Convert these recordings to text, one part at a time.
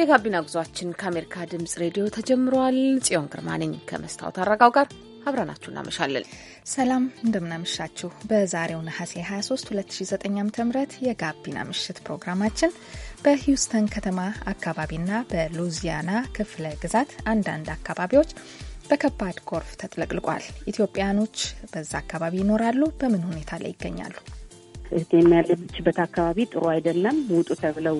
የጋቢና ጉዟችን ከአሜሪካ ድምጽ ሬዲዮ ተጀምሯል። ጽዮን ግርማ ነኝ ከመስታወት አረጋው ጋር አብረናችሁ እናመሻለን። ሰላም እንደምናመሻችሁ። በዛሬው ነሐሴ 23 2009 ዓ ም የጋቢና ምሽት ፕሮግራማችን በሂውስተን ከተማ አካባቢና በሉዚያና ክፍለ ግዛት አንዳንድ አካባቢዎች በከባድ ጎርፍ ተጥለቅልቋል። ኢትዮጵያኖች በዛ አካባቢ ይኖራሉ? በምን ሁኔታ ላይ ይገኛሉ? እህቴም ያለችበት አካባቢ ጥሩ አይደለም፣ ውጡ ተብለው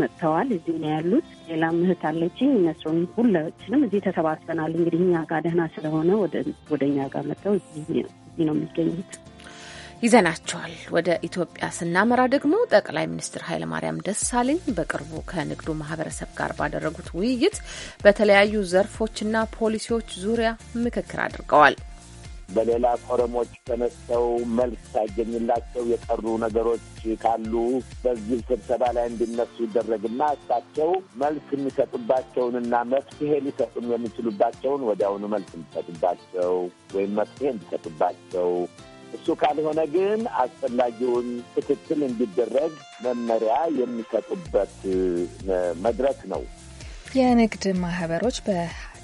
መጥተዋል። እዚህ ነው ያሉት። ሌላም እህት አለችኝ። እነሱን ሁላችንም እዚህ ተሰባስበናል። እንግዲህ እኛ ጋር ደህና ስለሆነ ወደ እኛ ጋር መጥተው እዚህ ነው የሚገኙት። ይዘናቸዋል። ወደ ኢትዮጵያ ስናመራ ደግሞ ጠቅላይ ሚኒስትር ኃይለማርያም ደሳለኝ በቅርቡ ከንግዱ ማህበረሰብ ጋር ባደረጉት ውይይት በተለያዩ ዘርፎችና ፖሊሲዎች ዙሪያ ምክክር አድርገዋል። በሌላ ኮረሞች ተነስተው መልስ ሳይገኝላቸው የቀሩ ነገሮች ካሉ በዚህ ስብሰባ ላይ እንዲነሱ ይደረግና እሳቸው መልስ የሚሰጡባቸውንና መፍትሄ ሊሰጡም የሚችሉባቸውን ወዲያውኑ መልስ እንዲሰጡባቸው ወይም መፍትሄ እንዲሰጡባቸው እሱ ካልሆነ ግን አስፈላጊውን ክትትል እንዲደረግ መመሪያ የሚሰጡበት መድረክ ነው። የንግድ ማህበሮች በ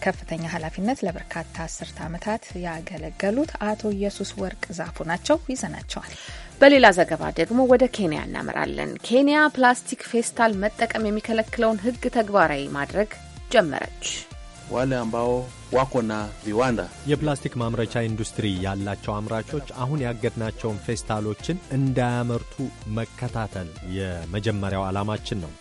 ከፍተኛ ኃላፊነት ለበርካታ አስርተ ዓመታት ያገለገሉት አቶ ኢየሱስ ወርቅ ዛፉ ናቸው። ይዘናቸዋል። በሌላ ዘገባ ደግሞ ወደ ኬንያ እናመራለን። ኬንያ ፕላስቲክ ፌስታል መጠቀም የሚከለክለውን ሕግ ተግባራዊ ማድረግ ጀመረች። ዋለ ዋኮና ቪዋንዳ የፕላስቲክ ማምረቻ ኢንዱስትሪ ያላቸው አምራቾች አሁን ያገድናቸውን ፌስታሎችን እንዳያመርቱ መከታተል የመጀመሪያው ዓላማችን ነው።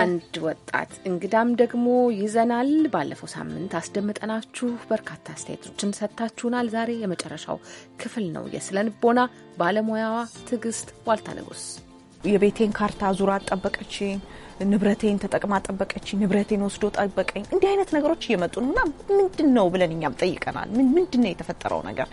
አንድ ወጣት እንግዳም ደግሞ ይዘናል። ባለፈው ሳምንት አስደምጠናችሁ በርካታ አስተያየቶችን ሰጥታችሁናል። ዛሬ የመጨረሻው ክፍል ነው። የስነ ልቦና ባለሙያዋ ትዕግስት ዋልታ ንጉስ የቤቴን ካርታ ዙራ ጠበቀች፣ ንብረቴን ተጠቅማ ጠበቀች፣ ንብረቴን ወስዶ ጠበቀኝ። እንዲህ አይነት ነገሮች እየመጡ ነው እና ምንድን ነው ብለን እኛም ጠይቀናል። ምንድን ነው የተፈጠረው ነገር?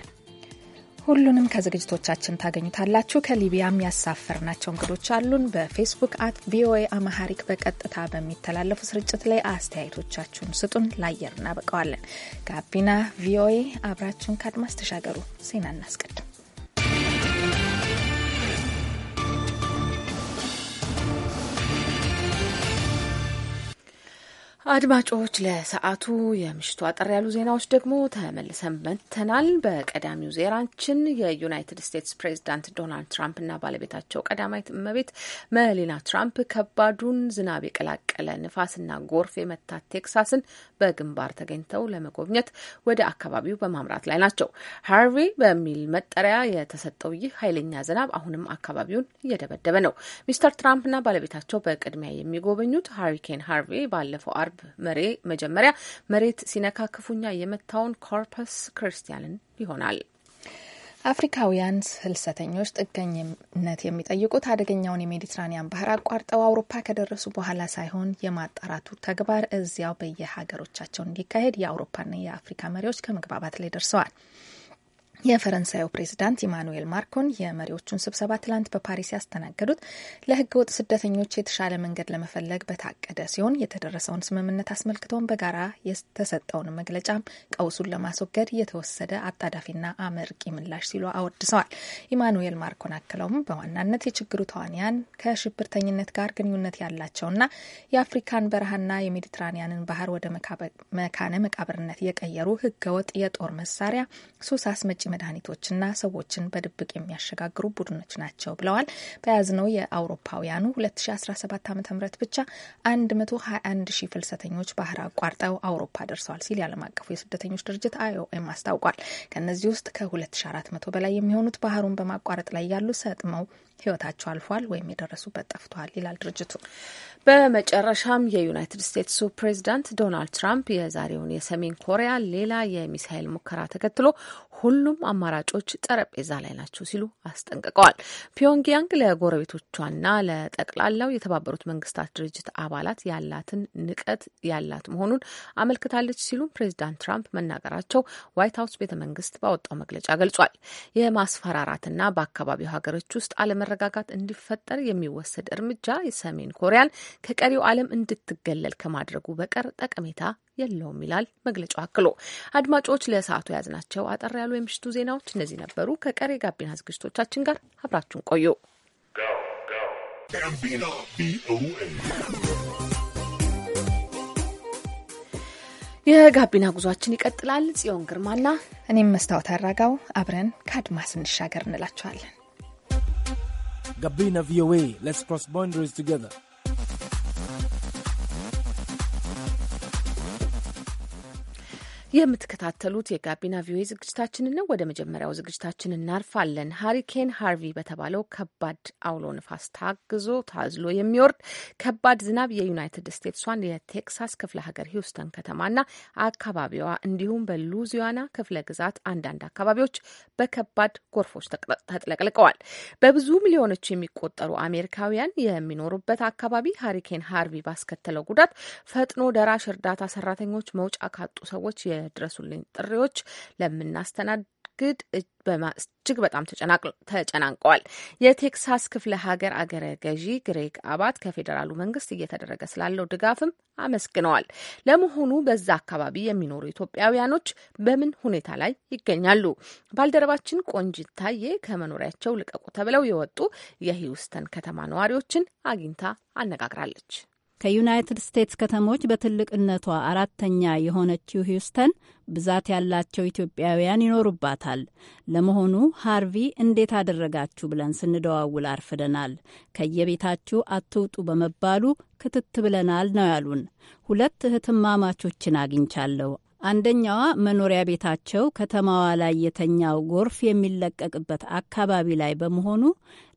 ሁሉንም ከዝግጅቶቻችን ታገኙታላችሁ። ከሊቢያ ያሳፈርናቸው እንግዶች አሉን። በፌስቡክ አት ቪኦኤ አማሃሪክ በቀጥታ በሚተላለፉ ስርጭት ላይ አስተያየቶቻችሁን ስጡን፣ ለአየር እናበቀዋለን። ጋቢና ቪኦኤ አብራችሁን ከአድማስ ተሻገሩ። ዜና እናስቀድም። አድማጮች ለሰዓቱ የምሽቱ አጠር ያሉ ዜናዎች ደግሞ ተመልሰን መጥተናል። በቀዳሚው ዜናችን የዩናይትድ ስቴትስ ፕሬዚዳንት ዶናልድ ትራምፕና ባለቤታቸው ቀዳማዊት እመቤት መሊና ትራምፕ ከባዱን ዝናብ የቀላቀለ ንፋስና ጎርፍ የመታት ቴክሳስን በግንባር ተገኝተው ለመጎብኘት ወደ አካባቢው በማምራት ላይ ናቸው። ሃርቬ በሚል መጠሪያ የተሰጠው ይህ ኃይለኛ ዝናብ አሁንም አካባቢውን እየደበደበ ነው። ሚስተር ትራምፕና ባለቤታቸው በቅድሚያ የሚጎበኙት ሃሪኬን ሃርቬ ባለፈው አርብ መሬ መጀመሪያ መሬት ሲነካ ክፉኛ የመታውን ኮርፐስ ክርስቲያንን ይሆናል። አፍሪካውያን ፍልሰተኞች ጥገኝነት የሚጠይቁት አደገኛውን የሜዲትራኒያን ባህር አቋርጠው አውሮፓ ከደረሱ በኋላ ሳይሆን የማጣራቱ ተግባር እዚያው በየሀገሮቻቸው እንዲካሄድ የአውሮፓና የአፍሪካ መሪዎች ከመግባባት ላይ ደርሰዋል። የፈረንሳዩ ፕሬዚዳንት ኢማኑኤል ማርኮን የመሪዎቹን ስብሰባ ትላንት በፓሪስ ያስተናገዱት ለሕገ ወጥ ስደተኞች የተሻለ መንገድ ለመፈለግ በታቀደ ሲሆን የተደረሰውን ስምምነት አስመልክተውን በጋራ የተሰጠውን መግለጫም ቀውሱን ለማስወገድ የተወሰደ አጣዳፊና አመርቂ ምላሽ ሲሉ አወድሰዋል። ኢማኑኤል ማርኮን አክለውም በዋናነት የችግሩ ተዋንያን ከሽብርተኝነት ጋር ግንኙነት ያላቸውና የአፍሪካን በረሃና የሜዲትራኒያንን ባህር ወደ መካነ መቃብርነት የቀየሩ ህገወጥ የጦር መሳሪያ ሱስ አስመጪ መድኃኒቶችና ሰዎችን በድብቅ የሚያሸጋግሩ ቡድኖች ናቸው ብለዋል። በያዝነው የአውሮፓውያኑ 2017 ዓ ም ብቻ 121 ሺህ ፍልሰተኞች ባህር አቋርጠው አውሮፓ ደርሰዋል ሲል የዓለም አቀፉ የስደተኞች ድርጅት አይኦኤም አስታውቋል። ከእነዚህ ውስጥ ከ2400 በላይ የሚሆኑት ባህሩን በማቋረጥ ላይ ያሉ ሰጥመው ህይወታቸው አልፏል ወይም የደረሱበት ጠፍተዋል ይላል ድርጅቱ። በመጨረሻም የዩናይትድ ስቴትሱ ፕሬዚዳንት ዶናልድ ትራምፕ የዛሬውን የሰሜን ኮሪያ ሌላ የሚሳይል ሙከራ ተከትሎ ሁሉም አማራጮች ጠረጴዛ ላይ ናቸው ሲሉ አስጠንቅቀዋል። ፒዮንግያንግ ለጎረቤቶቿና ለጠቅላላው የተባበሩት መንግስታት ድርጅት አባላት ያላትን ንቀት ያላት መሆኑን አመልክታለች ሲሉም ፕሬዚዳንት ትራምፕ መናገራቸው ዋይት ሀውስ ቤተ መንግስት ባወጣው መግለጫ ገልጿል። የማስፈራራትና በአካባቢው ሀገሮች ውስጥ አለመረጋጋት እንዲፈጠር የሚወሰድ እርምጃ የሰሜን ኮሪያን ከቀሪው ዓለም እንድትገለል ከማድረጉ በቀር ጠቀሜታ የለውም ይላል መግለጫው አክሎ። አድማጮች ለሰዓቱ የያዝናቸው አጠር ያሉ የምሽቱ ዜናዎች እነዚህ ነበሩ። ከቀሪ ጋቢና ዝግጅቶቻችን ጋር አብራችሁን ቆዩ። የጋቢና ጉዟችን ይቀጥላል። ጽዮን ግርማና እኔም መስታወት አራጋው አብረን ከአድማስ እንሻገር እንላቸዋለን። ጋቢና ቪኦኤ ሌትስ ክሮስ ባውንደሪስ ቱጌዘር የምትከታተሉት የጋቢና ቪኦኤ ዝግጅታችንን ነው። ወደ መጀመሪያው ዝግጅታችን እናርፋለን ሀሪኬን ሃርቪ በተባለው ከባድ አውሎ ንፋስ ታግዞ ታዝሎ የሚወርድ ከባድ ዝናብ የዩናይትድ ስቴትሷን የቴክሳስ ክፍለ ሀገር ሂውስተን ከተማና አካባቢዋ እንዲሁም በሉዚያና ክፍለ ግዛት አንዳንድ አካባቢዎች በከባድ ጎርፎች ተጥለቅልቀዋል። በብዙ ሚሊዮኖች የሚቆጠሩ አሜሪካውያን የሚኖሩበት አካባቢ ሀሪኬን ሃርቪ ባስከተለው ጉዳት ፈጥኖ ደራሽ እርዳታ ሰራተኞች መውጫ ካጡ ሰዎች ለድረሱልኝ ጥሪዎች ለምናስተናድ ግድ እጅግ በጣም ተጨናንቀዋል። የቴክሳስ ክፍለ ሀገር አገረ ገዢ ግሬግ አባት ከፌዴራሉ መንግስት እየተደረገ ስላለው ድጋፍም አመስግነዋል። ለመሆኑ በዛ አካባቢ የሚኖሩ ኢትዮጵያውያኖች በምን ሁኔታ ላይ ይገኛሉ? ባልደረባችን ቆንጂት ታዬ ከመኖሪያቸው ልቀቁ ተብለው የወጡ የሂውስተን ከተማ ነዋሪዎችን አግኝታ አነጋግራለች። ከዩናይትድ ስቴትስ ከተሞች በትልቅነቷ አራተኛ የሆነችው ሂውስተን ብዛት ያላቸው ኢትዮጵያውያን ይኖሩባታል። ለመሆኑ ሃርቪ እንዴት አደረጋችሁ ብለን ስንደዋውል አርፍደናል። ከየቤታችሁ አትውጡ በመባሉ ክትት ብለናል ነው ያሉን። ሁለት እህትማማቾችን አግኝቻለሁ። አንደኛዋ መኖሪያ ቤታቸው ከተማዋ ላይ የተኛው ጎርፍ የሚለቀቅበት አካባቢ ላይ በመሆኑ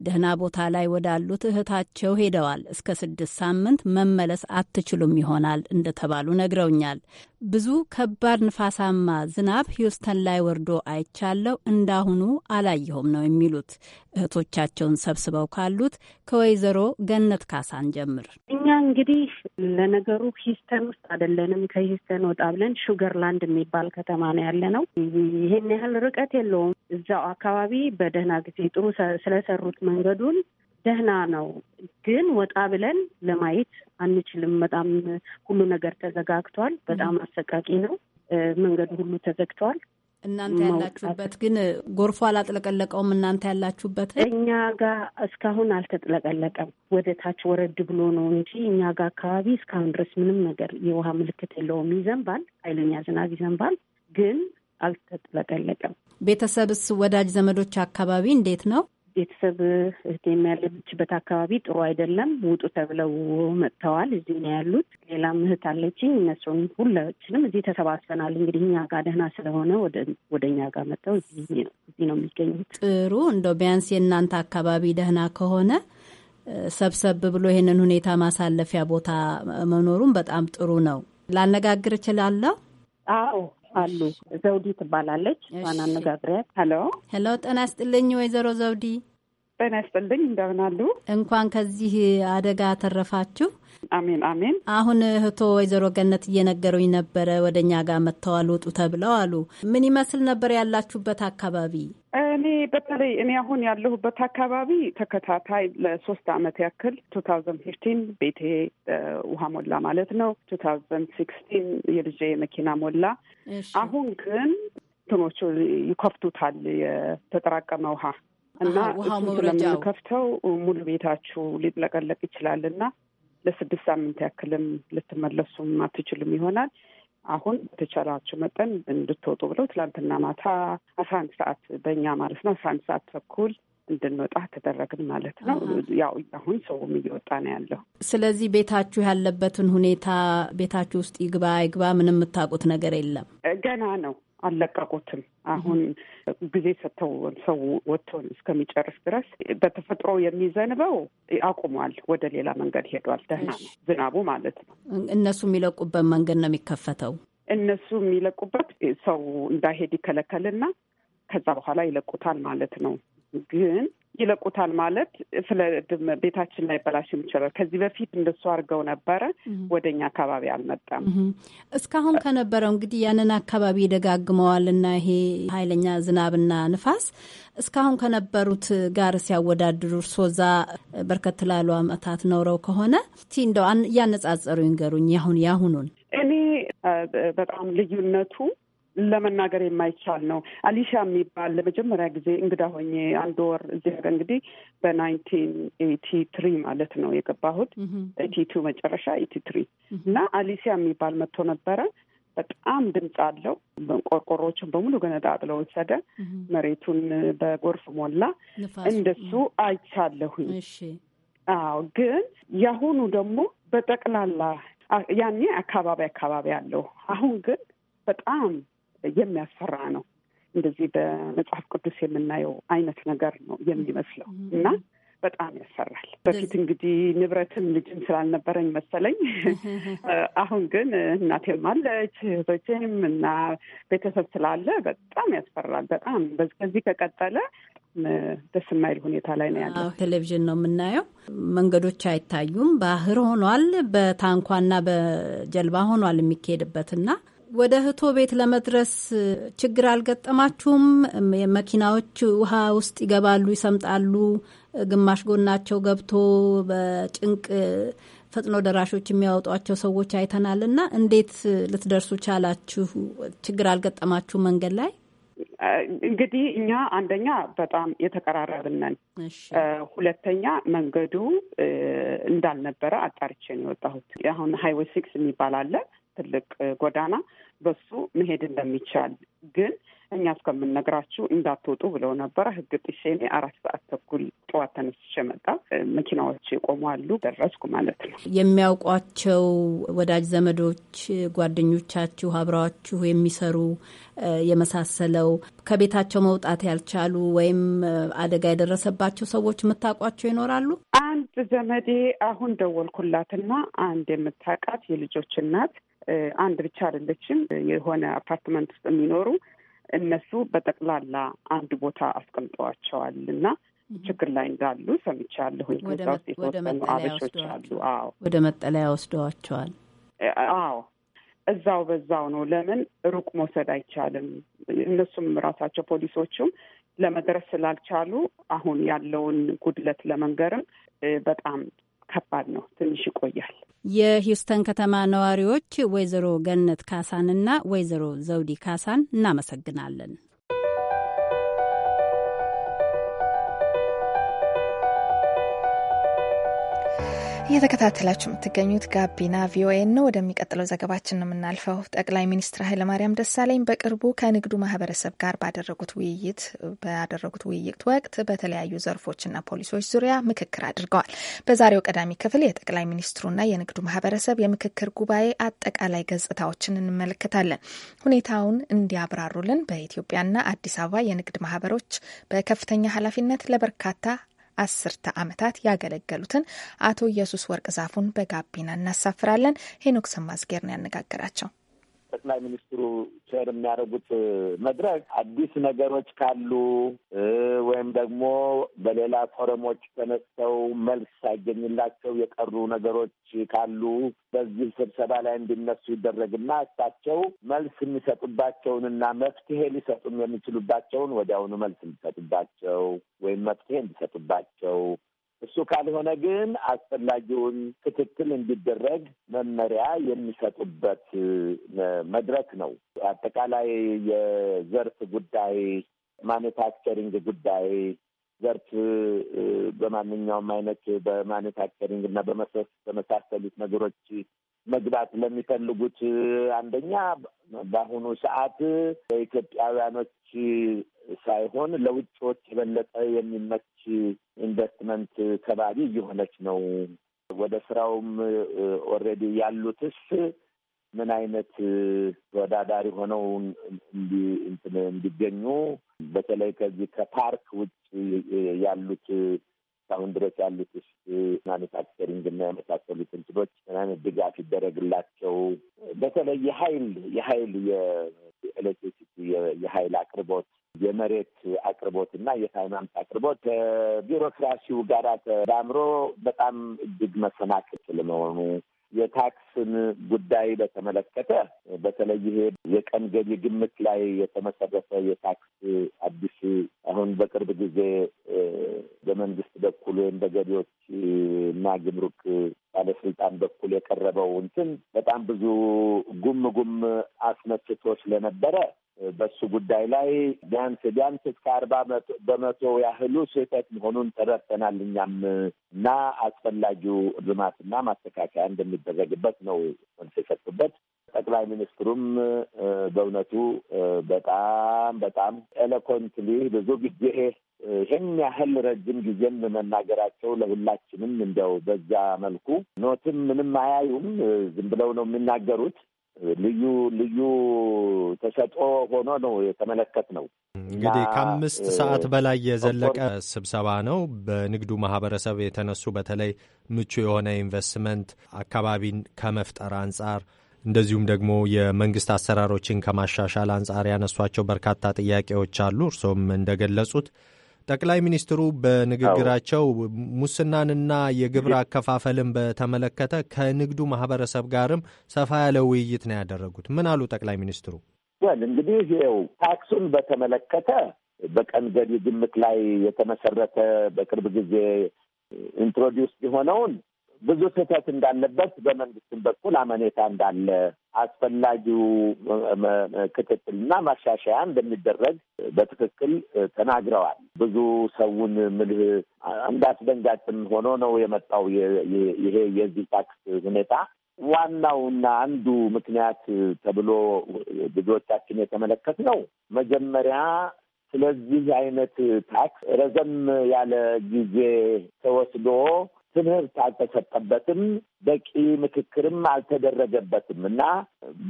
ደህና ቦታ ላይ ወዳሉት እህታቸው ሄደዋል። እስከ ስድስት ሳምንት መመለስ አትችሉም ይሆናል እንደተባሉ ነግረውኛል። ብዙ ከባድ ንፋሳማ ዝናብ ሂውስተን ላይ ወርዶ አይቻለው እንዳሁኑ አላየሁም ነው የሚሉት። እህቶቻቸውን ሰብስበው ካሉት ከወይዘሮ ገነት ካሳን ጀምር። እኛ እንግዲህ ለነገሩ ሂውስተን ውስጥ አይደለንም። ከሂውስተን ወጣ ብለን ሹገርላንድ የሚባል ከተማ ነው ያለ ነው። ይህን ያህል ርቀት የለውም። እዛው አካባቢ በደህና ጊዜ ጥሩ ስለሰሩት መንገዱን ደህና ነው፣ ግን ወጣ ብለን ለማየት አንችልም። በጣም ሁሉ ነገር ተዘጋግቷል። በጣም አሰቃቂ ነው። መንገዱ ሁሉ ተዘግቷል። እናንተ ያላችሁበት ግን ጎርፎ አላጥለቀለቀውም? እናንተ ያላችሁበት እኛ ጋር እስካሁን አልተጥለቀለቀም። ወደ ታች ወረድ ብሎ ነው እንጂ እኛ ጋር አካባቢ እስካሁን ድረስ ምንም ነገር የውሃ ምልክት የለውም። ይዘንባል፣ ኃይለኛ ዝናብ ይዘንባል፣ ግን አልተጥለቀለቀም። ቤተሰብስ፣ ወዳጅ ዘመዶች አካባቢ እንዴት ነው? ቤተሰብ እህቴም ያለችበት አካባቢ ጥሩ አይደለም፣ ውጡ ተብለው መጥተዋል። እዚህ ነው ያሉት። ሌላም እህት አለችኝ። እነሱን ሁላችንም እዚህ ተሰባስበናል። እንግዲህ እኛ ጋር ደህና ስለሆነ ወደ እኛ ጋር መጥተው እዚህ ነው የሚገኙት። ጥሩ እንደው ቢያንስ የእናንተ አካባቢ ደህና ከሆነ ሰብሰብ ብሎ ይህንን ሁኔታ ማሳለፊያ ቦታ መኖሩን በጣም ጥሩ ነው። ላነጋግር እችላለሁ? አዎ አሉ። ዘውዲ ትባላለች። ዋና አነጋግሪያት። ሄሎ ሄሎ። ጤና ይስጥልኝ ወይዘሮ ዘውዲ ጤና ይስጥልኝ። እንደምን አሉ? እንኳን ከዚህ አደጋ ተረፋችሁ። አሜን አሜን። አሁን እህቶ ወይዘሮ ገነት እየነገሩኝ ነበረ ወደ እኛ ጋር መጥተዋል ውጡ ተብለው አሉ። ምን ይመስል ነበር ያላችሁበት አካባቢ? እኔ በተለይ እኔ አሁን ያለሁበት አካባቢ ተከታታይ ለሶስት አመት ያክል ቱ ታውዘንድ ፊፍቲን ቤቴ ውሃ ሞላ ማለት ነው። ቱ ታውዘንድ ሲክስቲን የልጄ መኪና ሞላ። አሁን ግን ትኖቹ ይከፍቱታል የተጠራቀመ ውሃ እና እሱን ስለምንከፍተው ሙሉ ቤታችሁ ሊጥለቀለቅ ይችላል እና ለስድስት ሳምንት ያክልም ልትመለሱም አትችሉም ይሆናል። አሁን በተቻላችሁ መጠን እንድትወጡ ብለው ትላንትና ማታ አስራ አንድ ሰዓት በእኛ ማለት ነው አስራ አንድ ሰዓት ተኩል እንድንወጣ ተደረግን ማለት ነው። ያው አሁን ሰውም እየወጣ ነው ያለው። ስለዚህ ቤታችሁ ያለበትን ሁኔታ ቤታችሁ ውስጥ ይግባ አይግባ ምንም የምታውቁት ነገር የለም ገና ነው አልለቀቁትም። አሁን ጊዜ ሰጥተው ሰው ወጥቶን እስከሚጨርስ ድረስ በተፈጥሮ የሚዘንበው አቁሟል፣ ወደ ሌላ መንገድ ሄዷል። ደህና ነው ዝናቡ ማለት ነው። እነሱ የሚለቁበት መንገድ ነው የሚከፈተው። እነሱ የሚለቁበት ሰው እንዳይሄድ ይከለከልና ከዛ በኋላ ይለቁታል ማለት ነው ግን ይለቁታል ማለት ስለ ቤታችን ላይ በላሽም ይችላል። ከዚህ በፊት እንደሱ አድርገው ነበረ፣ ወደ እኛ አካባቢ አልመጣም እስካሁን ከነበረው እንግዲህ ያንን አካባቢ ይደጋግመዋል እና ይሄ ኃይለኛ ዝናብና ንፋስ እስካሁን ከነበሩት ጋር ሲያወዳድሩ እርስዎ እዛ በርከት ላሉ አመታት ኖረው ከሆነ እስቲ እንደው እያነጻጸሩ ይንገሩኝ ያሁን ያሁኑን እኔ በጣም ልዩነቱ ለመናገር የማይቻል ነው። አሊሻ የሚባል ለመጀመሪያ ጊዜ እንግዳ ሆኜ አንድ ወር እዚህ ሀገር እንግዲህ በናይንቲን ኤቲ ትሪ ማለት ነው የገባሁት ኤቲ ቱ መጨረሻ ኤቲ ትሪ እና አሊሲያ የሚባል መጥቶ ነበረ። በጣም ድምፅ አለው። ቆርቆሮዎችን በሙሉ ገነጣጥለው ወሰደ። መሬቱን በጎርፍ ሞላ። እንደሱ አይቻለሁኝ። አዎ፣ ግን ያሁኑ ደግሞ በጠቅላላ ያኔ አካባቢ አካባቢ አለው። አሁን ግን በጣም የሚያስፈራ ነው። እንደዚህ በመጽሐፍ ቅዱስ የምናየው አይነት ነገር ነው የሚመስለው እና በጣም ያሰራል። በፊት እንግዲህ ንብረትም ልጅም ስላልነበረኝ መሰለኝ። አሁን ግን እናቴም አለች እህቶቼም እና ቤተሰብ ስላለ በጣም ያስፈራል። በጣም በዚህ ከቀጠለ ደስ የማይል ሁኔታ ላይ ነው ያለው። ቴሌቪዥን ነው የምናየው። መንገዶች አይታዩም። ባህር ሆኗል። በታንኳና በጀልባ ሆኗል እና ወደ እህቶ ቤት ለመድረስ ችግር አልገጠማችሁም? መኪናዎች ውሃ ውስጥ ይገባሉ፣ ይሰምጣሉ፣ ግማሽ ጎናቸው ገብቶ በጭንቅ ፈጥኖ ደራሾች የሚያወጧቸው ሰዎች አይተናል። እና እንዴት ልትደርሱ ቻላችሁ? ችግር አልገጠማችሁ መንገድ ላይ? እንግዲህ እኛ አንደኛ በጣም የተቀራረብነን፣ ሁለተኛ መንገዱ እንዳልነበረ አጣርቼ ነው የወጣሁት። አሁን ሀይዌይ ሲክስ የሚባል አለ ትልቅ ጎዳና በሱ መሄድ እንደሚቻል ግን እኛ እስከምንነግራችሁ እንዳትወጡ ብለው ነበረ። ህግ ጥሼ እኔ አራት ሰዓት ተኩል ጠዋት ተነስቼ መጣ። መኪናዎች ቆሟሉ፣ ደረስኩ ማለት ነው። የሚያውቋቸው ወዳጅ ዘመዶች፣ ጓደኞቻችሁ፣ አብረዋችሁ የሚሰሩ የመሳሰለው ከቤታቸው መውጣት ያልቻሉ ወይም አደጋ የደረሰባቸው ሰዎች የምታውቋቸው ይኖራሉ። አንድ ዘመዴ አሁን ደወልኩላትና አንድ የምታውቃት የልጆች እናት አንድ ብቻ አይደለችም። የሆነ አፓርትመንት ውስጥ የሚኖሩ እነሱ በጠቅላላ አንድ ቦታ አስቀምጠዋቸዋል እና ችግር ላይ እንዳሉ ሰምቻለሁ። ከዛ ውስጥ የተወሰኑ አበሾች አሉ። አዎ ወደ መጠለያ ወስደዋቸዋል። አዎ እዛው በዛው ነው። ለምን ሩቅ መውሰድ አይቻልም? እነሱም ራሳቸው ፖሊሶቹም ለመድረስ ስላልቻሉ አሁን ያለውን ጉድለት ለመንገርም በጣም ከባድ ነው፣ ትንሽ ይቆያል። የሂውስተን ከተማ ነዋሪዎች ወይዘሮ ገነት ካሳንና ወይዘሮ ዘውዲ ካሳን እናመሰግናለን። እየተከታተላችሁ የምትገኙት ጋቢና ቪኦኤ ነው። ወደሚቀጥለው ዘገባችን ነው የምናልፈው። ጠቅላይ ሚኒስትር ኃይለማርያም ደሳለኝ በቅርቡ ከንግዱ ማህበረሰብ ጋር ባደረጉት ውይይት ባደረጉት ውይይት ወቅት በተለያዩ ዘርፎችና ፖሊሶች ዙሪያ ምክክር አድርገዋል። በዛሬው ቀዳሚ ክፍል የጠቅላይ ሚኒስትሩና የንግዱ ማህበረሰብ የምክክር ጉባኤ አጠቃላይ ገጽታዎችን እንመለከታለን። ሁኔታውን እንዲያብራሩልን በኢትዮጵያና አዲስ አበባ የንግድ ማህበሮች በከፍተኛ ኃላፊነት ለበርካታ አስርተ ዓመታት ያገለገሉትን አቶ ኢየሱስ ወርቅ ዛፉን በጋቢና እናሳፍራለን። ሄኖክ ሰማዝጌር ነው ያነጋገራቸው። ጠቅላይ ሚኒስትሩ ቸር የሚያደርጉት መድረክ አዲስ ነገሮች ካሉ ወይም ደግሞ በሌላ ፎረሞች ተነስተው መልስ ሳይገኝላቸው የቀሩ ነገሮች ካሉ በዚህ ስብሰባ ላይ እንዲነሱ ይደረግና እሳቸው መልስ የሚሰጡባቸውንና መፍትሄ ሊሰጡም የሚችሉባቸውን ወዲያውኑ መልስ እንዲሰጡባቸው ወይም መፍትሄ እንዲሰጡባቸው እሱ ካልሆነ ግን አስፈላጊውን ክትትል እንዲደረግ መመሪያ የሚሰጡበት መድረክ ነው። አጠቃላይ የዘርፍ ጉዳይ ማኒፋክቸሪንግ ጉዳይ ዘርፍ በማንኛውም አይነት በማኒፋክቸሪንግ እና በመሳሰሉት ነገሮች መግባት ለሚፈልጉት አንደኛ በአሁኑ ሰዓት በኢትዮጵያውያኖች ሳይሆን ለውጭዎች የበለጠ የሚመች ኢንቨስትመንት ከባቢ እየሆነች ነው። ወደ ስራውም ኦልሬዲ ያሉትስ ምን አይነት ተወዳዳሪ ሆነው እንዲገኙ በተለይ ከዚህ ከፓርክ ውጭ ያሉት እስካሁን ድረስ ያሉት ውስጥ ማኒፋክቸሪንግ እና የመሳሰሉት እንትኖች ምን ድጋፍ ይደረግላቸው። በተለይ የሀይል የሀይል የኤሌክትሪሲቲ የሀይል አቅርቦት የመሬት እና የፋይናንስ አቅርቦት ከቢሮክራሲው ጋር ተዳምሮ በጣም እጅግ መሰናክል ስለመሆኑ የታክስን ጉዳይ በተመለከተ በተለይ ይሄ የቀን ገቢ ግምት ላይ የተመሰረተ የታክስ አዲስ አሁን በቅርብ ጊዜ በመንግስት በኩል ወይም በገቢዎች እና ግምሩክ ባለስልጣን በኩል የቀረበው እንትን በጣም ብዙ ጉም ጉም አስነስቶ ስለነበረ በሱ ጉዳይ ላይ ቢያንስ ቢያንስ እስከ አርባ በመቶ ያህሉ ስህተት መሆኑን ተረድተናል እኛም እና አስፈላጊው እርማትና ማስተካከያ እንደሚደረግበት ነው መልስ የሰጡበት። ጠቅላይ ሚኒስትሩም በእውነቱ በጣም በጣም ኤሎኮንትሊ ብዙ ጊዜ ይህን ያህል ረጅም ጊዜም መናገራቸው ለሁላችንም እንደው በዛ መልኩ ኖትም ምንም አያዩም፣ ዝም ብለው ነው የሚናገሩት። ልዩ ልዩ ተሰጦ ሆኖ ነው የተመለከት ነው። እንግዲህ ከአምስት ሰዓት በላይ የዘለቀ ስብሰባ ነው። በንግዱ ማህበረሰብ የተነሱ በተለይ ምቹ የሆነ ኢንቨስትመንት አካባቢን ከመፍጠር አንጻር እንደዚሁም ደግሞ የመንግስት አሰራሮችን ከማሻሻል አንጻር ያነሷቸው በርካታ ጥያቄዎች አሉ። እርስዎም እንደገለጹት ጠቅላይ ሚኒስትሩ በንግግራቸው ሙስናንና የግብር አከፋፈልን በተመለከተ ከንግዱ ማህበረሰብ ጋርም ሰፋ ያለ ውይይት ነው ያደረጉት። ምን አሉ ጠቅላይ ሚኒስትሩ? ወል እንግዲህ ይኸው ታክሱን በተመለከተ በቀን ገቢ ግምት ላይ የተመሰረተ በቅርብ ጊዜ ኢንትሮዲውስ የሆነውን ብዙ ስህተት እንዳለበት በመንግስትም በኩል አመኔታ እንዳለ አስፈላጊው ክትትልና ማሻሻያ እንደሚደረግ በትክክል ተናግረዋል። ብዙ ሰውን ምልህ እንዳስደንጋጭም ሆኖ ነው የመጣው ይሄ የዚህ ታክስ ሁኔታ። ዋናውና አንዱ ምክንያት ተብሎ ብዙዎቻችን የተመለከት ነው መጀመሪያ ስለዚህ አይነት ታክስ ረዘም ያለ ጊዜ ተወስዶ ትምህርት አልተሰጠበትም፣ በቂ ምክክርም አልተደረገበትም እና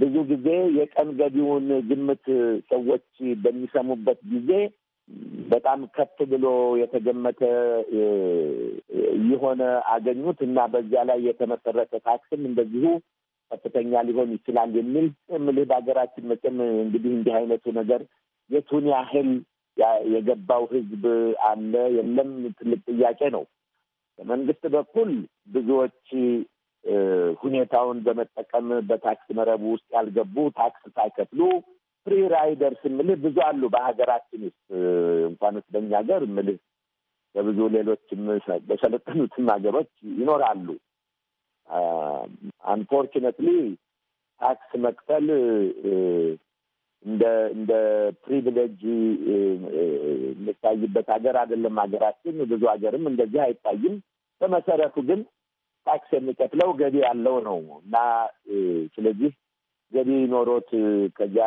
ብዙ ጊዜ የቀን ገቢውን ግምት ሰዎች በሚሰሙበት ጊዜ በጣም ከፍ ብሎ የተገመተ የሆነ አገኙት እና በዚያ ላይ የተመሰረተ ታክስም እንደዚሁ ከፍተኛ ሊሆን ይችላል የሚል ምልህ በሀገራችን መቼም እንግዲህ እንዲህ አይነቱ ነገር የቱን ያህል የገባው ህዝብ አለ የለም ትልቅ ጥያቄ ነው። በመንግስት በኩል ብዙዎች ሁኔታውን በመጠቀም በታክስ መረቡ ውስጥ ያልገቡ ታክስ ሳይከፍሉ ፍሪ ራይደርስ የምልህ ብዙ አሉ። በሀገራችን ውስጥ እንኳን ውስጥ በእኛ ሀገር ምልህ በብዙ ሌሎችም በሰለጠኑትም ሀገሮች ይኖራሉ። አንፎርችነትሊ ታክስ መክፈል እንደ እንደ ፕሪቪሌጅ የሚታይበት ሀገር አይደለም ሀገራችን። ብዙ ሀገርም እንደዚህ አይታይም። በመሰረቱ ግን ታክስ የሚከፍለው ገቢ ያለው ነው እና ስለዚህ ገቢ ኖሮት ከዚያ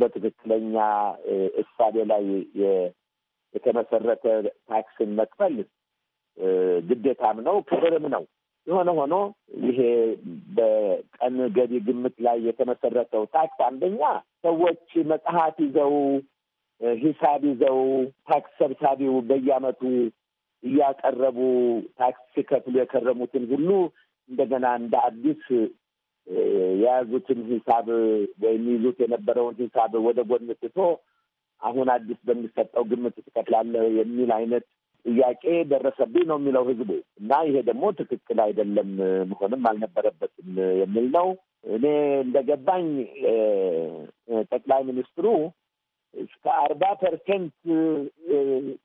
በትክክለኛ እሳቤ ላይ የተመሰረተ ታክስን መክፈል ግዴታም ነው፣ ክብርም ነው። የሆነ ሆኖ ይሄ በቀን ገቢ ግምት ላይ የተመሰረተው ታክስ አንደኛ ሰዎች መጽሐፍ ይዘው ሂሳብ ይዘው ታክስ ሰብሳቢው በየአመቱ እያቀረቡ ታክስ ሲከፍሉ የከረሙትን ሁሉ እንደገና እንደ አዲስ የያዙትን ሂሳብ ወይም ይዙት የነበረውን ሂሳብ ወደ ጎን ትቶ አሁን አዲስ በሚሰጠው ግምት ትከፍላለህ የሚል አይነት ጥያቄ ደረሰብኝ ነው የሚለው ህዝቡ። እና ይሄ ደግሞ ትክክል አይደለም፣ መሆንም አልነበረበትም የሚል ነው። እኔ እንደገባኝ ጠቅላይ ሚኒስትሩ እስከ አርባ ፐርሰንት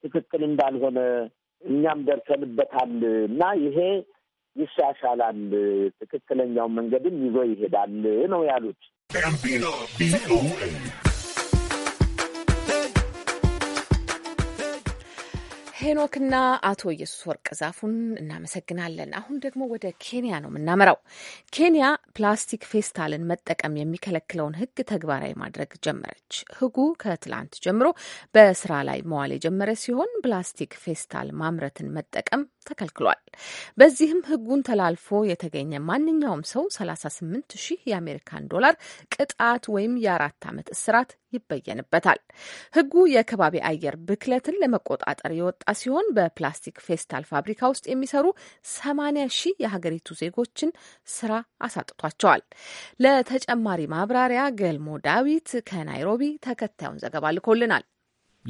ትክክል እንዳልሆነ እኛም ደርሰንበታል እና ይሄ ይሻሻላል፣ ትክክለኛው መንገድም ይዞ ይሄዳል ነው ያሉት። ሄኖክና አቶ ኢየሱስ ወርቅ ዛፉን እናመሰግናለን። አሁን ደግሞ ወደ ኬንያ ነው የምናመራው። ኬንያ ፕላስቲክ ፌስታልን መጠቀም የሚከለክለውን ሕግ ተግባራዊ ማድረግ ጀመረች። ሕጉ ከትላንት ጀምሮ በስራ ላይ መዋል የጀመረ ሲሆን ፕላስቲክ ፌስታል ማምረትን መጠቀም ተከልክሏል። በዚህም ህጉን ተላልፎ የተገኘ ማንኛውም ሰው 38 ሺህ የአሜሪካን ዶላር ቅጣት ወይም የአራት ዓመት እስራት ይበየንበታል። ህጉ የከባቢ አየር ብክለትን ለመቆጣጠር የወጣ ሲሆን በፕላስቲክ ፌስታል ፋብሪካ ውስጥ የሚሰሩ 80 ሺህ የሀገሪቱ ዜጎችን ስራ አሳጥቷቸዋል። ለተጨማሪ ማብራሪያ ገልሞ ዳዊት ከናይሮቢ ተከታዩን ዘገባ ልኮልናል።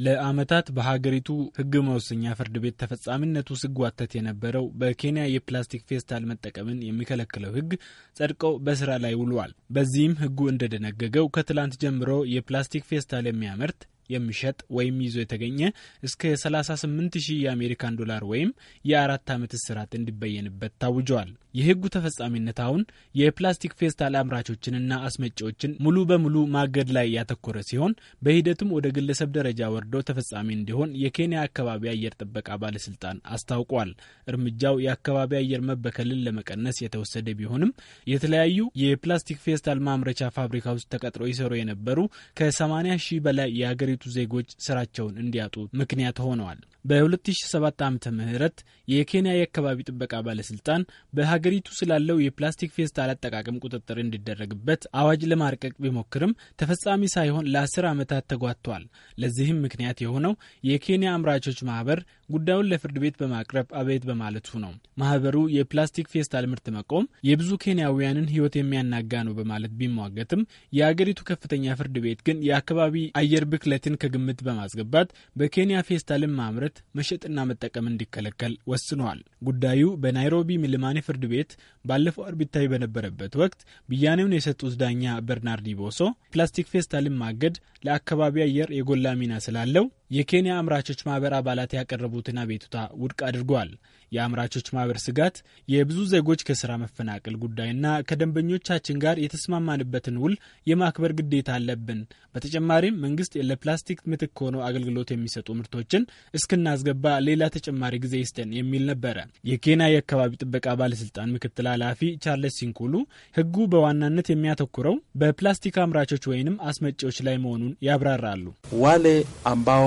ለዓመታት በሀገሪቱ ህግ መወሰኛ ፍርድ ቤት ተፈጻሚነቱ ሲጓተት የነበረው በኬንያ የፕላስቲክ ፌስታል መጠቀምን የሚከለክለው ህግ ጸድቀው በስራ ላይ ውሏል። በዚህም ህጉ እንደደነገገው ከትላንት ጀምሮ የፕላስቲክ ፌስታል የሚያመርት የሚሸጥ ወይም ይዞ የተገኘ እስከ 38 ሺህ የአሜሪካን ዶላር ወይም የአራት ዓመት እስራት እንዲበየንበት ታውጇል። የህጉ ተፈጻሚነት አሁን የፕላስቲክ ፌስታል አምራቾችንና አስመጪዎችን ሙሉ በሙሉ ማገድ ላይ ያተኮረ ሲሆን በሂደቱም ወደ ግለሰብ ደረጃ ወርዶ ተፈጻሚ እንዲሆን የኬንያ አካባቢ አየር ጥበቃ ባለስልጣን አስታውቋል። እርምጃው የአካባቢ አየር መበከልን ለመቀነስ የተወሰደ ቢሆንም የተለያዩ የፕላስቲክ ፌስታል ማምረቻ ፋብሪካ ውስጥ ተቀጥሮ ይሰሩ የነበሩ ከ80 ሺህ በላይ የአገሪቱ ዜጎች ስራቸውን እንዲያጡ ምክንያት ሆነዋል። በ2007 ዓ ም የኬንያ የአካባቢ ጥበቃ ባለስልጣን በሀ በሀገሪቱ ስላለው የፕላስቲክ ፌስታል አጠቃቀም ቁጥጥር እንዲደረግበት አዋጅ ለማርቀቅ ቢሞክርም ተፈጻሚ ሳይሆን ለአስር ዓመታት ተጓቷል። ለዚህም ምክንያት የሆነው የኬንያ አምራቾች ማህበር ጉዳዩን ለፍርድ ቤት በማቅረብ አቤት በማለቱ ነው። ማህበሩ የፕላስቲክ ፌስታል ምርት መቆም የብዙ ኬንያውያንን ሕይወት የሚያናጋ ነው በማለት ቢሟገትም የአገሪቱ ከፍተኛ ፍርድ ቤት ግን የአካባቢ አየር ብክለትን ከግምት በማስገባት በኬንያ ፌስታልን ማምረት፣ መሸጥና መጠቀም እንዲከለከል ወስነዋል። ጉዳዩ በናይሮቢ ሚልማኔ ፍርድ ቤት ባለፈው አርብ ይታይ በነበረበት ወቅት ብያኔውን የሰጡት ዳኛ በርናርዲ ቦሶ ፕላስቲክ ፌስታልን ማገድ ለአካባቢ አየር የጎላ ሚና ስላለው የኬንያ አምራቾች ማህበር አባላት ያቀረቡትን አቤቱታ ውድቅ አድርጓል። የአምራቾች ማህበር ስጋት የብዙ ዜጎች ከስራ መፈናቀል ጉዳይና ከደንበኞቻችን ጋር የተስማማንበትን ውል የማክበር ግዴታ አለብን። በተጨማሪም መንግስት ለፕላስቲክ ምትክ ሆነው አገልግሎት የሚሰጡ ምርቶችን እስክናስገባ ሌላ ተጨማሪ ጊዜ ይስጠን የሚል ነበረ። የኬንያ የአካባቢ ጥበቃ ባለስልጣን ምክትል ኃላፊ ቻርለስ ሲንኩሉ ህጉ በዋናነት የሚያተኩረው በፕላስቲክ አምራቾች ወይንም አስመጪዎች ላይ መሆኑን ያብራራሉ። ዋሌ አምባዎ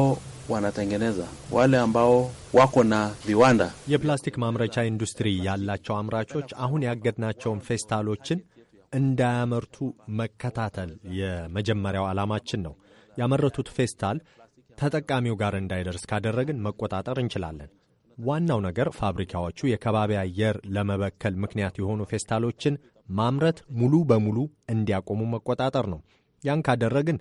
wanatengeneza, wale ambao wako na viwanda የፕላስቲክ ማምረቻ ኢንዱስትሪ ያላቸው አምራቾች አሁን ያገድናቸውን ፌስታሎችን እንዳያመርቱ መከታተል የመጀመሪያው ዓላማችን ነው። ያመረቱት ፌስታል ተጠቃሚው ጋር እንዳይደርስ ካደረግን መቆጣጠር እንችላለን። ዋናው ነገር ፋብሪካዎቹ የከባቢ አየር ለመበከል ምክንያት የሆኑ ፌስታሎችን ማምረት ሙሉ በሙሉ እንዲያቆሙ መቆጣጠር ነው። ያን ካደረግን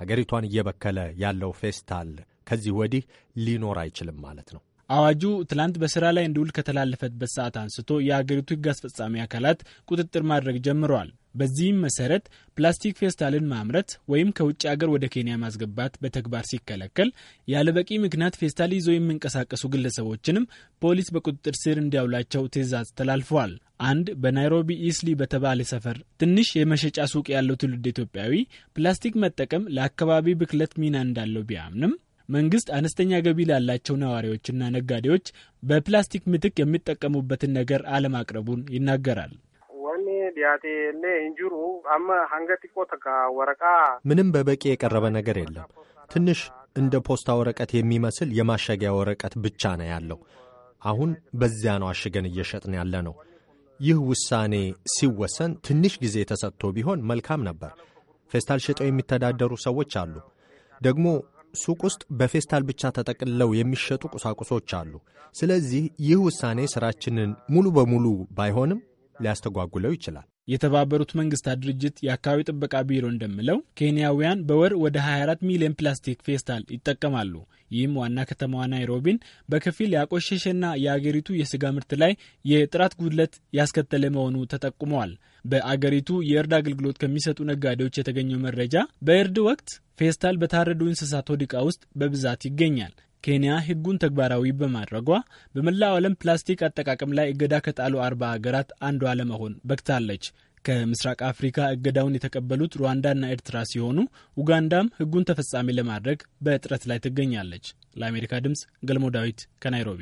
ሀገሪቷን እየበከለ ያለው ፌስታል ከዚህ ወዲህ ሊኖር አይችልም ማለት ነው። አዋጁ ትላንት በስራ ላይ እንዲውል ከተላለፈበት ሰዓት አንስቶ የአገሪቱ ሕግ አስፈጻሚ አካላት ቁጥጥር ማድረግ ጀምረዋል። በዚህም መሰረት ፕላስቲክ ፌስታልን ማምረት ወይም ከውጭ አገር ወደ ኬንያ ማስገባት በተግባር ሲከለከል ያለበቂ ምክንያት ፌስታል ይዞ የሚንቀሳቀሱ ግለሰቦችንም ፖሊስ በቁጥጥር ስር እንዲያውላቸው ትዕዛዝ ተላልፈዋል። አንድ በናይሮቢ ኢስሊ በተባለ ሰፈር ትንሽ የመሸጫ ሱቅ ያለው ትውልድ ኢትዮጵያዊ ፕላስቲክ መጠቀም ለአካባቢ ብክለት ሚና እንዳለው ቢያምንም መንግስት አነስተኛ ገቢ ላላቸው ነዋሪዎችና ነጋዴዎች በፕላስቲክ ምትክ የሚጠቀሙበትን ነገር አለማቅረቡን ይናገራል። ምንም በበቂ የቀረበ ነገር የለም። ትንሽ እንደ ፖስታ ወረቀት የሚመስል የማሸጊያ ወረቀት ብቻ ነው ያለው። አሁን በዚያ ነው አሽገን እየሸጥን ያለ ነው። ይህ ውሳኔ ሲወሰን ትንሽ ጊዜ ተሰጥቶ ቢሆን መልካም ነበር። ፌስታል ሽጠው የሚተዳደሩ ሰዎች አሉ። ደግሞ ሱቅ ውስጥ በፌስታል ብቻ ተጠቅልለው የሚሸጡ ቁሳቁሶች አሉ። ስለዚህ ይህ ውሳኔ ስራችንን ሙሉ በሙሉ ባይሆንም ሊያስተጓጉለው ይችላል። የተባበሩት መንግስታት ድርጅት የአካባቢ ጥበቃ ቢሮ እንደሚለው ኬንያውያን በወር ወደ 24 ሚሊዮን ፕላስቲክ ፌስታል ይጠቀማሉ። ይህም ዋና ከተማዋ ናይሮቢን በከፊል ያቆሸሸና የአገሪቱ የስጋ ምርት ላይ የጥራት ጉድለት ያስከተለ መሆኑ ተጠቁመዋል። በአገሪቱ የእርድ አገልግሎት ከሚሰጡ ነጋዴዎች የተገኘው መረጃ በእርድ ወቅት ፌስታል በታረዱ እንስሳት ሆድ ዕቃ ውስጥ በብዛት ይገኛል። ኬንያ ሕጉን ተግባራዊ በማድረጓ በመላው ዓለም ፕላስቲክ አጠቃቀም ላይ እገዳ ከጣሉ አርባ ሀገራት አንዷ ለመሆን በቅታለች። ከምስራቅ አፍሪካ እገዳውን የተቀበሉት ሩዋንዳና ኤርትራ ሲሆኑ ኡጋንዳም ሕጉን ተፈጻሚ ለማድረግ በጥረት ላይ ትገኛለች። ለአሜሪካ ድምፅ ገልሞ ዳዊት ከናይሮቢ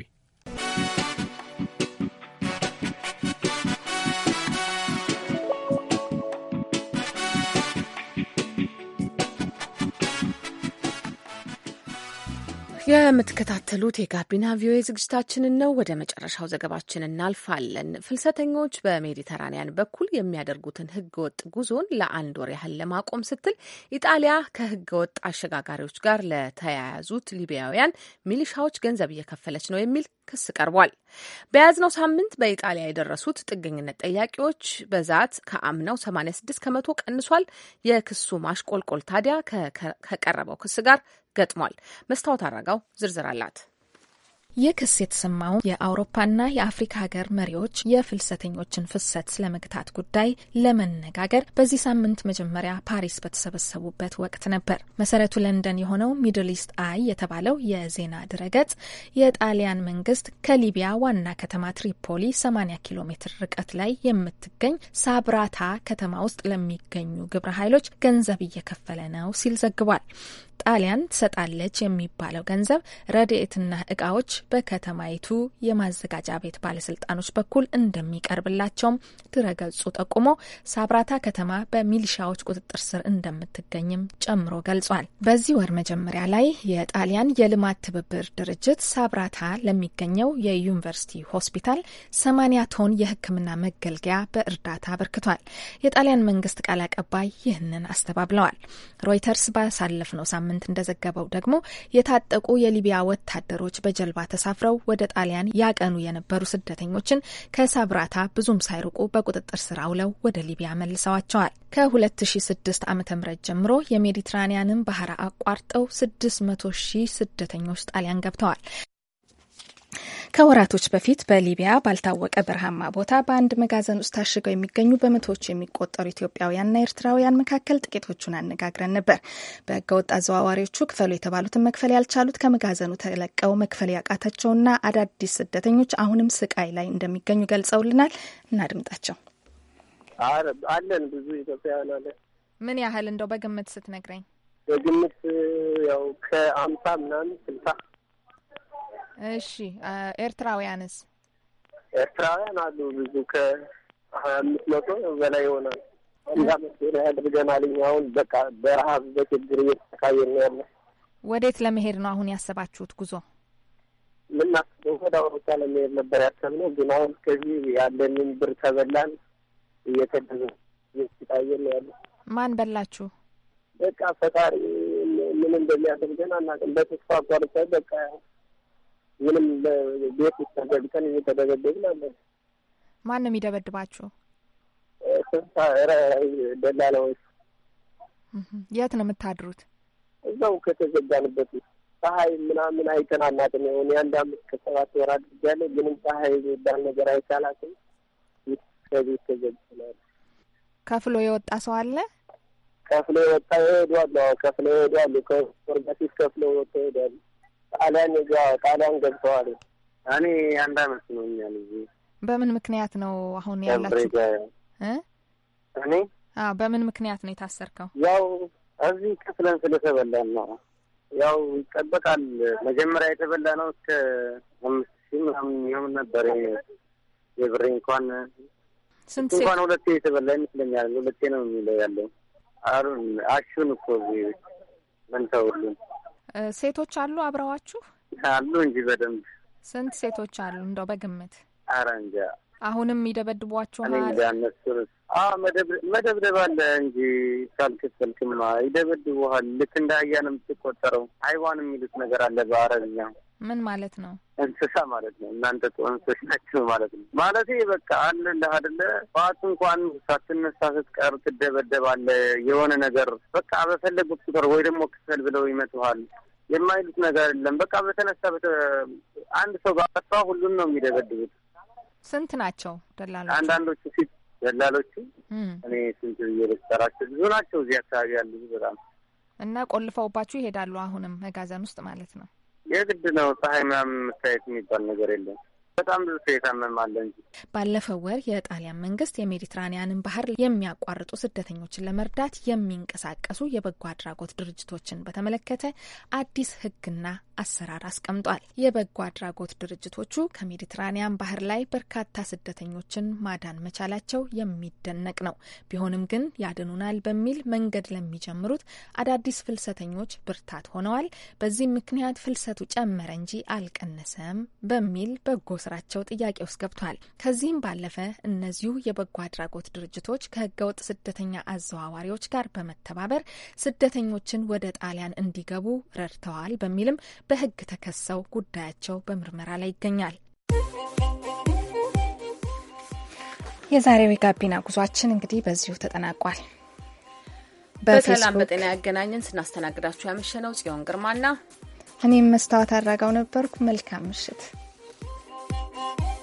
የምትከታተሉት የጋቢና ቪኦኤ ዝግጅታችንን ነው። ወደ መጨረሻው ዘገባችን እናልፋለን። ፍልሰተኞች በሜዲተራኒያን በኩል የሚያደርጉትን ህገወጥ ጉዞን ለአንድ ወር ያህል ለማቆም ስትል ኢጣሊያ ከህገ ወጥ አሸጋጋሪዎች ጋር ለተያያዙት ሊቢያውያን ሚሊሻዎች ገንዘብ እየከፈለች ነው የሚል ክስ ቀርቧል። በያዝነው ሳምንት በኢጣሊያ የደረሱት ጥገኝነት ጠያቂዎች በዛት ከአምናው 86 ከመቶ ቀንሷል። የክሱ ማሽቆልቆል ታዲያ ከቀረበው ክስ ጋር ገጥሟል። መስታወት አራጋው ዝርዝር አላት። ይህ ክስ የተሰማው የአውሮፓና የአፍሪካ ሀገር መሪዎች የፍልሰተኞችን ፍሰት ስለመግታት ጉዳይ ለመነጋገር በዚህ ሳምንት መጀመሪያ ፓሪስ በተሰበሰቡበት ወቅት ነበር። መሰረቱ ለንደን የሆነው ሚድል ኢስት አይ የተባለው የዜና ድረገጽ የጣሊያን መንግስት ከሊቢያ ዋና ከተማ ትሪፖሊ 80 ኪሎ ሜትር ርቀት ላይ የምትገኝ ሳብራታ ከተማ ውስጥ ለሚገኙ ግብረ ኃይሎች ገንዘብ እየከፈለ ነው ሲል ዘግቧል። ጣሊያን ትሰጣለች የሚባለው ገንዘብ ረድኤትና እቃዎች በከተማይቱ የማዘጋጃ ቤት ባለስልጣኖች በኩል እንደሚቀርብላቸውም ድረገጹ ጠቁሞ ሳብራታ ከተማ በሚሊሻዎች ቁጥጥር ስር እንደምትገኝም ጨምሮ ገልጿል። በዚህ ወር መጀመሪያ ላይ የጣሊያን የልማት ትብብር ድርጅት ሳብራታ ለሚገኘው የዩኒቨርሲቲ ሆስፒታል ሰማኒያ ቶን የሕክምና መገልገያ በእርዳታ አበርክቷል። የጣሊያን መንግስት ቃል አቀባይ ይህንን አስተባብለዋል። ሮይተርስ ባሳለፍነው ሳምንት ሳምንት እንደዘገበው ደግሞ የታጠቁ የሊቢያ ወታደሮች በጀልባ ተሳፍረው ወደ ጣሊያን ያቀኑ የነበሩ ስደተኞችን ከሳብራታ ብዙም ሳይርቁ በቁጥጥር ስር አውለው ወደ ሊቢያ መልሰዋቸዋል። ከ2006 ዓ ም ጀምሮ የሜዲትራኒያንን ባህር አቋርጠው 600 ሺህ ስደተኞች ጣሊያን ገብተዋል። ከወራቶች በፊት በሊቢያ ባልታወቀ በረሃማ ቦታ በአንድ መጋዘን ውስጥ ታሽገው የሚገኙ በመቶዎች የሚቆጠሩ ኢትዮጵያውያንና ኤርትራውያን መካከል ጥቂቶቹን አነጋግረን ነበር። በህገወጥ አዘዋዋሪዎቹ ክፈሉ የተባሉትን መክፈል ያልቻሉት ከመጋዘኑ ተለቀው መክፈል ያቃታቸውና አዳዲስ ስደተኞች አሁንም ስቃይ ላይ እንደሚገኙ ገልጸውልናል። እናድምጣቸው። አለን ብዙ ኢትዮጵያውያን አለን። ምን ያህል እንደው በግምት ስትነግረኝ? በግምት ያው ከአምሳ ምናምን ስልሳ እሺ ኤርትራውያንስ? ኤርትራውያን አሉ ብዙ ከሀያ አምስት መቶ በላይ ይሆናል። አንድ አመት ሆነ አሁን በቃ በረሀብ በችግር እየተሰቃየን ነው ያለ። ወዴት ለመሄድ ነው አሁን ያሰባችሁት ጉዞ? ምናስበው ወደ አውሮፓ ለመሄድ ነበር ያሰብነው፣ ግን አሁን እስከዚህ ያለንን ብር ተበላን። እየተደዘ እየተሰቃየን ነው ያለ። ማን በላችሁ? በቃ ፈጣሪ ምን እንደሚያደርገን አናውቅም። በተስፋ ቆርጠን በቃ ምንም ቤት ውስጥ ተዘግተን እየተደበደብን አለን። ማን ነው የሚደበድባችሁ? ደላላዎች። የት ነው የምታድሩት? እዛው ከተዘጋንበት ፀሀይ ፀሐይ ምናምን አይተን አናውቅም። ሆን የአንድ አምስት ከሰባት ወር አድርጌያለሁ። ግንም ፀሐይ የሚባል ነገር አይቻላትም። ከቤት ተዘግተናል። ከፍሎ የወጣ ሰው አለ? ከፍሎ የወጣ ይሄዳሉ። ከፍሎ ይሄዳሉ። ከወር በፊት ከፍሎ ወጥቶ ይሄዳሉ። ጣሊያን ጣሊያን ገብተዋል። እኔ አንድ አመት ነውኛል። በምን ምክንያት ነው አሁን ያላችሁ? እኔ በምን ምክንያት ነው የታሰርከው? ያው እዚህ ከፍለን ስለተበላን ነው። ያው ይጠበቃል። መጀመሪያ የተበላ ነው እስከ አምስት ሺህ ምናምን የሚሆን ነበር የብሬ እንኳን ስንት እንኳን ሁለቴ የተበላ ይመስለኛል። ሁለቴ ነው የሚለው ያለው አሩን አሹን እኮ መንተውልን ሴቶች አሉ አብረዋችሁ አሉ እንጂ በደንብ ስንት ሴቶች አሉ እንደው በግምት ኧረ እንጃ አሁንም ይደበድቧችሁ መደብደብ አለ እንጂ ካልከፈልክማ ይደበድቡሃል ልክ እንደ አያንም ትቆጠረው አይዋን የሚሉት ነገር አለ በአረብኛ ምን ማለት ነው? እንስሳ ማለት ነው። እናንተ እንስሳ ናቸው ማለት ነው። ማለት በቃ አለ እንደ አደለ ጠዋት እንኳን ሳትነሳ ስትቀር ትደበደባለ። የሆነ ነገር በቃ በፈለጉት ቁጥር ወይ ደግሞ ክፈል ብለው ይመቱሃል። የማይሉት ነገር የለም። በቃ በተነሳ አንድ ሰው ባጠፋ ሁሉን ነው የሚደበድቡት። ስንት ናቸው ደላሎቹ? አንዳንዶቹ ሲ ደላሎቹ እኔ ስንት እየበሰራቸው ብዙ ናቸው እዚህ አካባቢ ያሉ በጣም እና ቆልፈውባችሁ ይሄዳሉ። አሁንም መጋዘን ውስጥ ማለት ነው የግድ ነው። ፀሐይ ምናምን መታየት የሚባል ነገር የለም። በጣም ብዙ ሰው የታመማለ እንጂ። ባለፈው ወር የጣሊያን መንግስት የሜዲትራኒያንን ባህር የሚያቋርጡ ስደተኞችን ለመርዳት የሚንቀሳቀሱ የበጎ አድራጎት ድርጅቶችን በተመለከተ አዲስ ህግና አሰራር አስቀምጧል። የበጎ አድራጎት ድርጅቶቹ ከሜዲትራኒያን ባህር ላይ በርካታ ስደተኞችን ማዳን መቻላቸው የሚደነቅ ነው። ቢሆንም ግን ያድኑናል በሚል መንገድ ለሚጀምሩት አዳዲስ ፍልሰተኞች ብርታት ሆነዋል። በዚህ ምክንያት ፍልሰቱ ጨመረ እንጂ አልቀነሰም በሚል በጎ ስራቸው ጥያቄ ውስጥ ገብቷል። ከዚህም ባለፈ እነዚሁ የበጎ አድራጎት ድርጅቶች ከህገወጥ ስደተኛ አዘዋዋሪዎች ጋር በመተባበር ስደተኞችን ወደ ጣሊያን እንዲገቡ ረድተዋል በሚልም በህግ ተከሰው ጉዳያቸው በምርመራ ላይ ይገኛል። የዛሬው የጋቢና ጉዟችን እንግዲህ በዚሁ ተጠናቋል። በሰላም በጤና ያገናኘን። ስናስተናግዳችሁ ያመሸነው ጽዮን ግርማና እኔም መስታወት አድራጋው ነበርኩ። መልካም ምሽት። Oh.